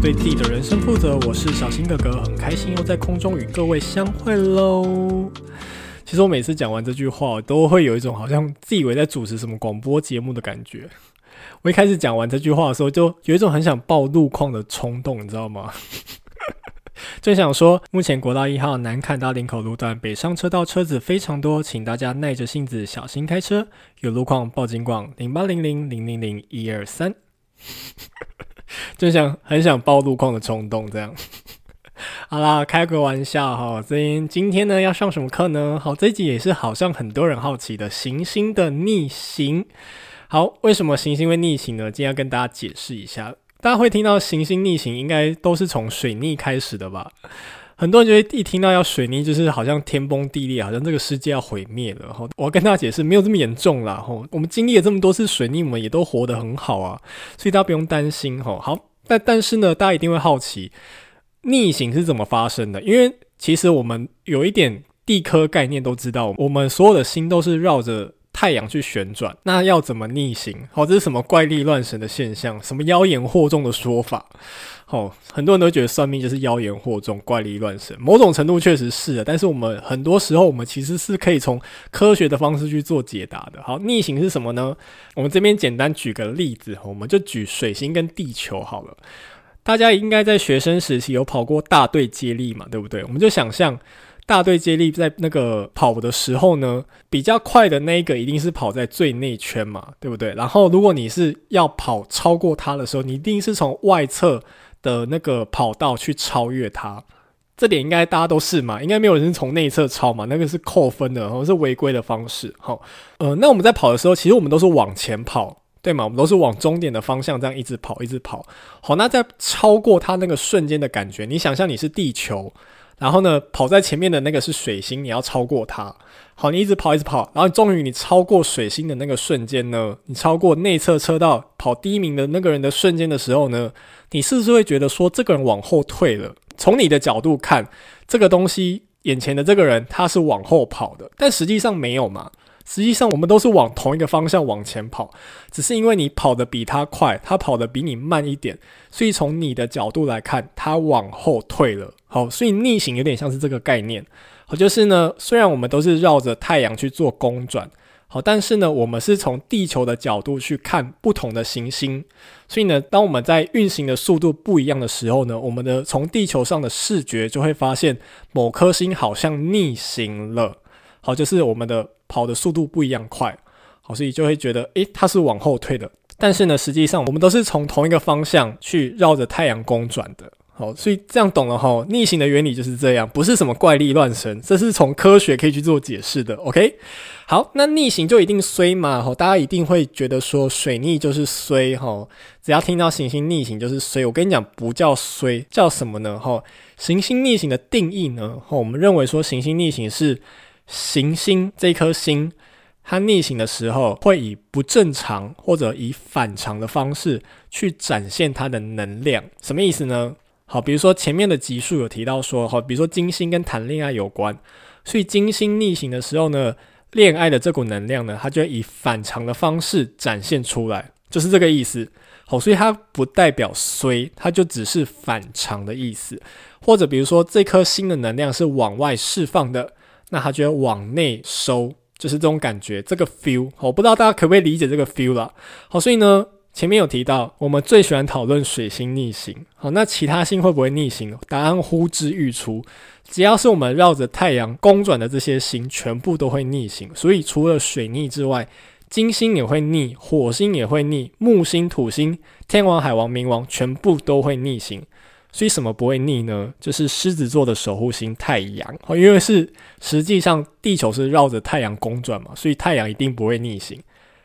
對自己的人生負責。我是小新哥哥，很開心又在空中與各位相會嘍。其實我每次講完這句話，都會有一種好像自以為在主持什麼廣播節目的感覺。我一開始講完這句話的時候，就有一種很想報路況的衝動，你知道嗎？正 想說，目前國道一號南坎到林口路段北上車道車子非常多，請大家耐着性子小心開車，有路況報警廣零八零零零零零一二三。 就想很想報路況的衝動這樣， 好啦，開個玩笑哈、喔。今今天呢要上什麼課呢？好，這一集也是好像很多人好奇的行星的逆行。好，為什麼行星會逆行呢？今天要跟大家解釋一下。大家會聽到行星逆行，應該都是從水逆開始的吧？很多人覺得一聽到要水逆，就是好像天崩地裂，好像這個世界要毀滅了。然後我跟大家解釋，沒有這麼嚴重啦。然後我們經歷了這麼多次水逆，我們也都活得很好啊，所以大家不用擔心。吼，好，但但是呢，大家一定會好奇，逆行是怎麼發生的？因為其實我們有一點地科概念，都知道，我們所有的星都是繞着太陽去旋轉，那要怎麼逆行？好，這是什麼怪力亂神的現象？什麼妖言惑眾的說法？好，很多人都覺得算命就是妖言惑眾、怪力亂神。某種程度確實是的，但是我們很多時候，我們其實是可以從科學的方式去做解答的。好，逆行是什麼呢？我們這邊簡單舉個例子，我們就舉水星跟地球好了。大家應該在學生時期有跑過大隊接力嘛，對不對？我們就想象。大隊接力在那個跑的時候呢，比較快的那一個一定是跑在最內圈嘛，對不對？然後如果你是要跑超過他的時候，你一定是從外側的那個跑道去超越他，這點應該大家都是嘛，應該沒有人從內側超嘛，那個是扣分的，然後是違規的方式。好，呃，那我們在跑的時候，其實我們都是往前跑，對嗎？我們都是往終點的方向這樣一直跑，一直跑。好，那在超過他那個瞬間的感覺，你想象你是地球。然後呢，跑在前面的那個是水星，你要超過他。好，你一直跑，一直跑，然後終於你超過水星的那個瞬間呢，你超過內側車道跑第一名的那個人的瞬間的時候呢，你是不是會覺得說，這個人往後退了？從你的角度看，這個東西，眼前的這個人他是往後跑的，但實際上沒有嘛。實際上，我們都是往同一個方向往前跑，只是因為你跑得比他快，他跑得比你慢一點，所以從你的角度來看，他往後退了。好，所以逆行有點像是這個概念。好，就是呢，雖然我們都是繞着太陽去做公轉，好，但是呢，我們是從地球的角度去看不同的行星，所以呢，當我們在運行的速度不一樣的時候呢，我們的從地球上的視覺就會發現某顆星好像逆行了。好，就是我們的。跑的速度不一樣快，好，所以就會覺得，誒、欸，它是往後退的。但是呢，實際上我們都是從同一個方向去繞着太陽公轉的。好，所以這樣懂了齁，逆行的原理就是這樣，不是什麼怪力亂神，這是從科學可以去做解釋的。OK，好，那逆行就一定衰嘛？齁，大家一定會覺得說，水逆就是衰齁，只要聽到行星逆行就是衰。我跟你講，不叫衰，叫什麼呢？齁，行星逆行的定義呢，齁，我們認為說行星逆行是，行星這顆星，它逆行的時候，會以不正常或者以反常的方式去展現它的能量，什麼意思呢？好，比如說前面的集數有提到說，好，比如說金星跟談戀愛有關，所以金星逆行的時候呢，戀愛的這股能量呢，它就會以反常的方式展現出來，就是這個意思。好，所以它不代表衰，它就只是反常的意思，或者比如說這顆星的能量是往外釋放的。那它就要往內收，就是這種感覺，這個 feel 我不知道大家可不可以理解這個 feel 啦？好，所以呢，前面有提到，我們最喜歡討論水星逆行。好，那其他星會不會逆行？答案呼之欲出，只要是我們繞着太陽公轉的這些星，全部都會逆行。所以除了水逆之外，金星也會逆，火星也會逆，木星、土星、天王、海王、冥王，全部都會逆行。所以什麼不會逆呢？就是獅子座的守護星太陽，好，因為是實際上地球是繞着太陽公轉嘛，所以太陽一定不會逆行。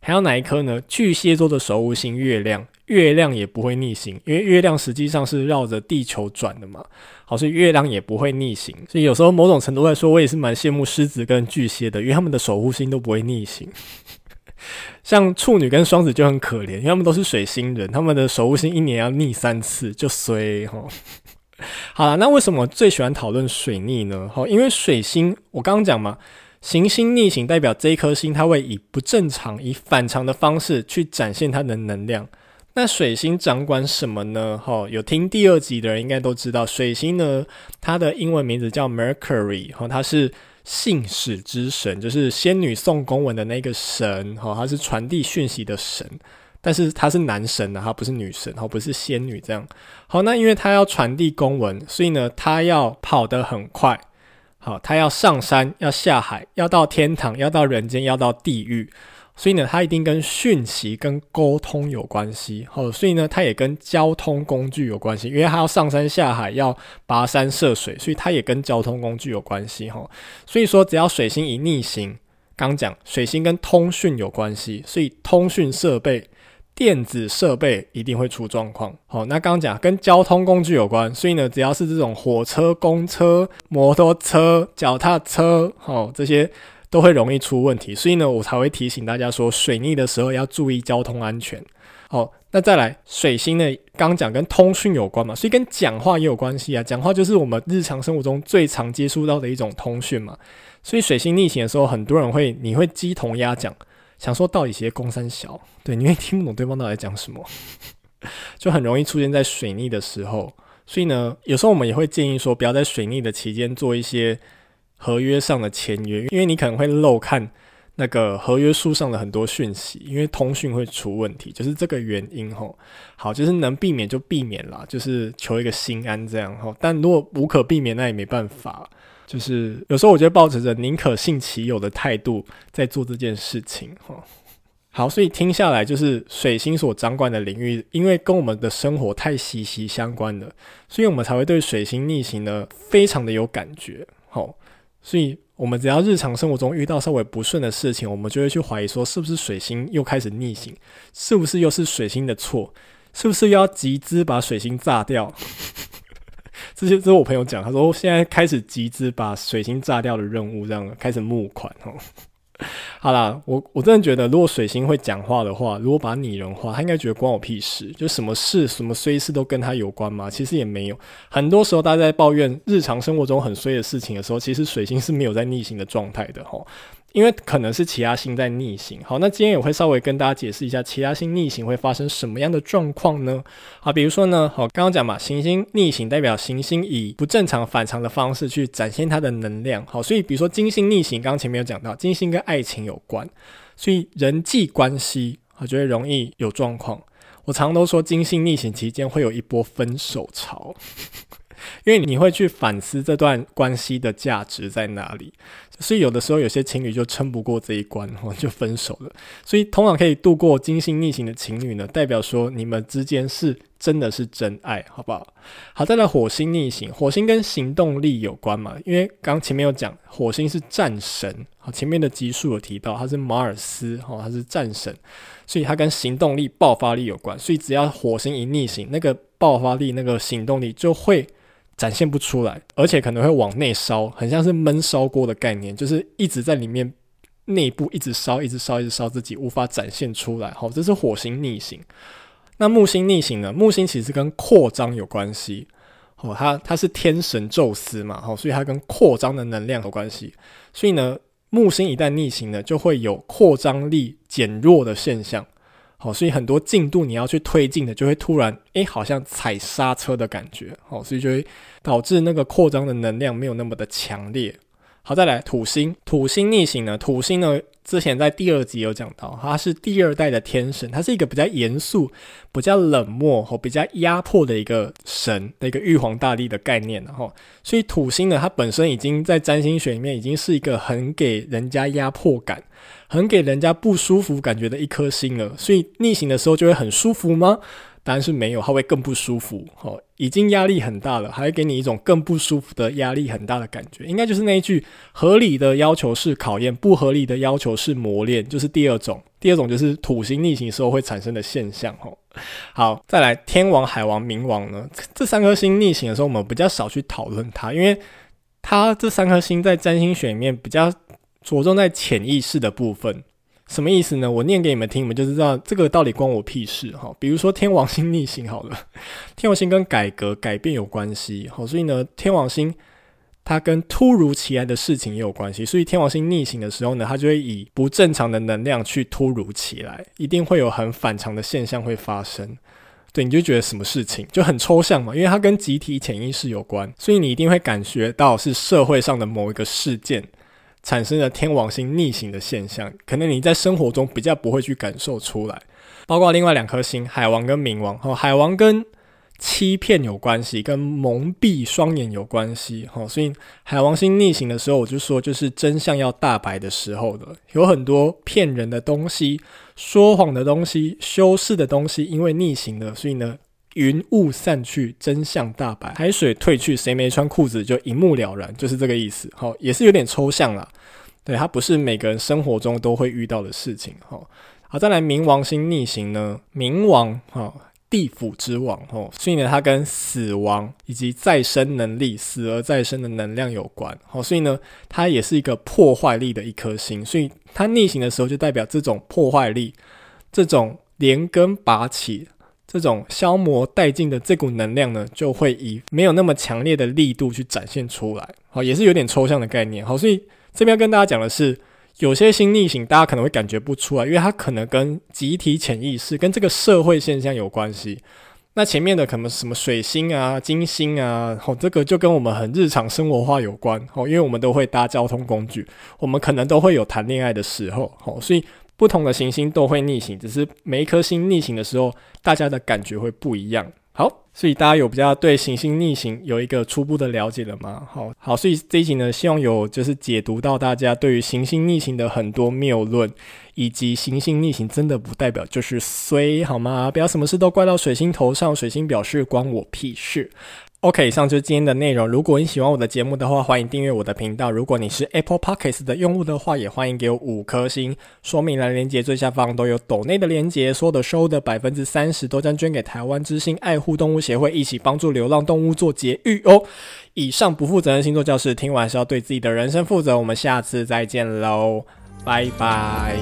還有哪一顆呢？巨蟹座的守護星月亮，月亮也不會逆行，因為月亮實際上是繞着地球轉的嘛，好，所以月亮也不會逆行。所以有時候某種程度來說，我也是蠻羨慕獅子跟巨蟹的，因為他們的守護星都不會逆行。 像處女跟雙子就很可憐，因為他們都是水星人，他們的守護星一年要逆三次，就衰。好了，那為什麼我最喜歡討論水逆呢？因為水星我剛剛講嘛，行星逆行代表這一顆星它會以不正常、以反常的方式去展現它的能量。那水星掌管什麼呢？有聽第二集的人應該都知道，水星呢，它的英文名字叫 Mercury，它是，信使之神，就是仙女送公文的那個神，齁、哦，他是傳遞訊息的神，但是他是男神啊，他不是女神，他不是仙女，這樣。好，那因為他要傳遞公文，所以呢，他要跑得很快，好、哦，他要上山，要下海，要到天堂，要到人間，要到地獄。所以呢，它一定跟訊息跟溝通有關係，吼、哦。所以呢，它也跟交通工具有關係，因為它要上山下海，要跋山涉水，所以它也跟交通工具有關係，吼、哦。所以說，只要水星一逆行，剛講水星跟通訊有關係，所以通訊設備、電子設備一定會出狀況，好、哦。那剛講跟交通工具有關，所以呢，只要是這種火車、公車、摩托車、腳踏車，好、哦、這些。都會容易出問題，所以呢，我才會提醒大家說，水逆的時候要注意交通安全。好，那再來水星呢？剛剛講跟通訊有關嘛，所以跟講話也有關係啊。講話就是我們日常生活中最常接觸到的一種通訊嘛。所以水星逆行的時候，很多人會你會雞同鴨講，想說到底誰公三小？對，你會聽不懂對方到底在講什麼， 就很容易出現在水逆的時候。所以呢，有時候我們也會建議說，不要在水逆的期間做一些。合約上的簽約，因為你可能會漏看那個合約書上的很多訊息，因為通訊會出問題，就是這個原因吼。好，就是能避免就避免啦，就是求一個心安這樣吼。但如果無可避免，那也沒辦法。就是有時候我覺得抱持着寧可信其有的態度在做這件事情吼。好，所以聽下來就是水星所掌管的領域，因為跟我們的生活太息息相關了，所以我們才會對水星逆行呢非常的有感覺。吼。所以，我們只要日常生活中遇到稍微不順的事情，我們就會去懷疑說，是不是水星又開始逆行？是不是又是水星的錯？是不是又要集資把水星炸掉？ 這些之後，這是我朋友講，他說現在開始集資把水星炸掉的任務，這樣開始募款哦。好啦，我我真的覺得，如果水星會講話的話，如果把擬人化，他應該覺得關我屁事，就什麼事、什麼衰事都跟他有關嗎？其實也沒有。很多時候，大家在抱怨日常生活中很衰的事情的時候，其實水星是沒有在逆行的狀態的齁，吼。因為可能是其他星在逆行，好，那今天也會稍微跟大家解釋一下，其他星逆行會發生什麼樣的狀況呢？啊，比如說呢，好，剛剛講嘛，行星逆行代表行星以不正常、反常的方式去展現它的能量，好，所以比如說金星逆行，剛才沒有講到，金星跟愛情有關，所以人際關係我覺得容易有狀況。我常常都說金星逆行期間會有一波分手潮。 因為你會去反思這段關係的價值在哪裡，所以有的時候有些情侶就撐不過這一關，然後就分手了。所以通常可以度過金星逆行的情侶呢，代表說你們之間是真的是真愛，好不好？好，再來火星逆行，火星跟行動力有關嘛，因為剛前面有講，火星是戰神，好，前面的集數有提到它是馬爾斯，哦，它是戰神，所以它跟行動力、爆發力有關，所以只要火星一逆行，那個爆發力、那個行動力就會。展現不出來，而且可能會往內燒，很像是悶燒鍋的概念，就是一直在裡面內部一直燒，一直燒，一直燒，自己無法展現出來。好，這是火星逆行。那木星逆行呢？木星其實跟擴張有關係。哦，它它是天神宙斯嘛。哦，所以它跟擴張的能量有關係。所以呢，木星一旦逆行呢，就會有擴張力減弱的現象。好，所以很多進度你要去推進的，就會突然哎、欸，好像踩剎車的感覺。好，所以就會導致那個擴張的能量沒有那麼的強烈。好，再來土星，土星逆行呢，土星呢。之前在第二集有講到，他是第二代的天神，他是一個比較嚴肅、比較冷漠、比較壓迫的一個神，那一個玉皇大帝的概念，然後，所以土星呢，它本身已經在占星學裡面已經是一個很給人家壓迫感、很給人家不舒服感覺的一顆星了，所以逆行的時候就會很舒服嗎？當然是沒有，它會更不舒服。哦，已經壓力很大了，還會給你一種更不舒服的壓力很大的感覺。應該就是那一句：合理的要求是考驗，不合理的要求是磨練。就是第二種，第二種就是土星逆行的時候會產生的現象。哦，好，再來天王、海王、冥王呢？這，這三顆星逆行的時候，我們比較少去討論它，因為它這三顆星在占星學裡面比較着重在潛意識的部分。什麼意思呢？我念給你們聽，你們就知道這個到底關我屁事哈、哦。比如說天王星逆行，好了，天王星跟改革、改變有關係，好、哦，所以呢，天王星它跟突如其來的事情也有關係。所以天王星逆行的時候呢，它就會以不正常的能量去突如其來，一定會有很反常的現象會發生。對，你就覺得什麼事情就很抽象嘛，因為它跟集體潛意識有關，所以你一定會感覺到是社會上的某一個事件。產生了天王星逆行的現象，可能你在生活中比較不會去感受出來。包括另外兩顆星，海王跟冥王。哈、哦，海王跟欺騙有關係，跟蒙蔽雙眼有關係。哈、哦，所以海王星逆行的時候，我就說就是真相要大白的時候了。有很多騙人的東西、說謊的東西、修飾的東西，因為逆行了，所以呢。雲霧散去，真相大白；海水退去，誰沒穿褲子就一目了然，就是這個意思。好，也是有點抽象啦。對，它不是每個人生活中都會遇到的事情。好，好，再來冥王星逆行呢？冥王，哈，地府之王，哈，所以呢，它跟死亡以及再生能力、死而再生的能量有關。好，所以呢，它也是一個破壞力的一顆星。所以它逆行的時候，就代表這種破壞力，這種連根拔起。這種消磨殆盡的這股能量呢，就會以沒有那麼強烈的力度去展現出來。好，也是有點抽象的概念。好，所以這邊要跟大家講的是，有些星逆行，大家可能會感覺不出來，因為它可能跟集體潛意識、跟這個社會現象有關係。那前面的可能什麼水星啊、金星啊，好，這個就跟我們很日常生活化有關。好，因為我們都會搭交通工具，我們可能都會有談戀愛的時候。好，所以。不同的行星都會逆行，只是每一顆星逆行的時候，大家的感覺會不一樣。好，所以大家有比較對行星逆行有一個初步的了解了嗎？好好，所以這一集呢，希望有就是解讀到大家對於行星逆行的很多謬論，以及行星逆行真的不代表就是衰，好嗎？不要什麼事都怪到水星頭上，水星表示關我屁事。OK，以上就是今天的內容。如果你喜歡我的節目的話，歡迎訂閱我的頻道。如果你是 Apple Podcasts 的用戶的話，也歡迎給我五顆星。說明欄連結最下方都有抖內的連結，所有的收入的百分之三十都將捐給台灣之星愛護動物協會，一起幫助流浪動物做絕育哦。以上不負責任星座教室，聽完是要對自己的人生負責。我們下次再見嘍，拜拜。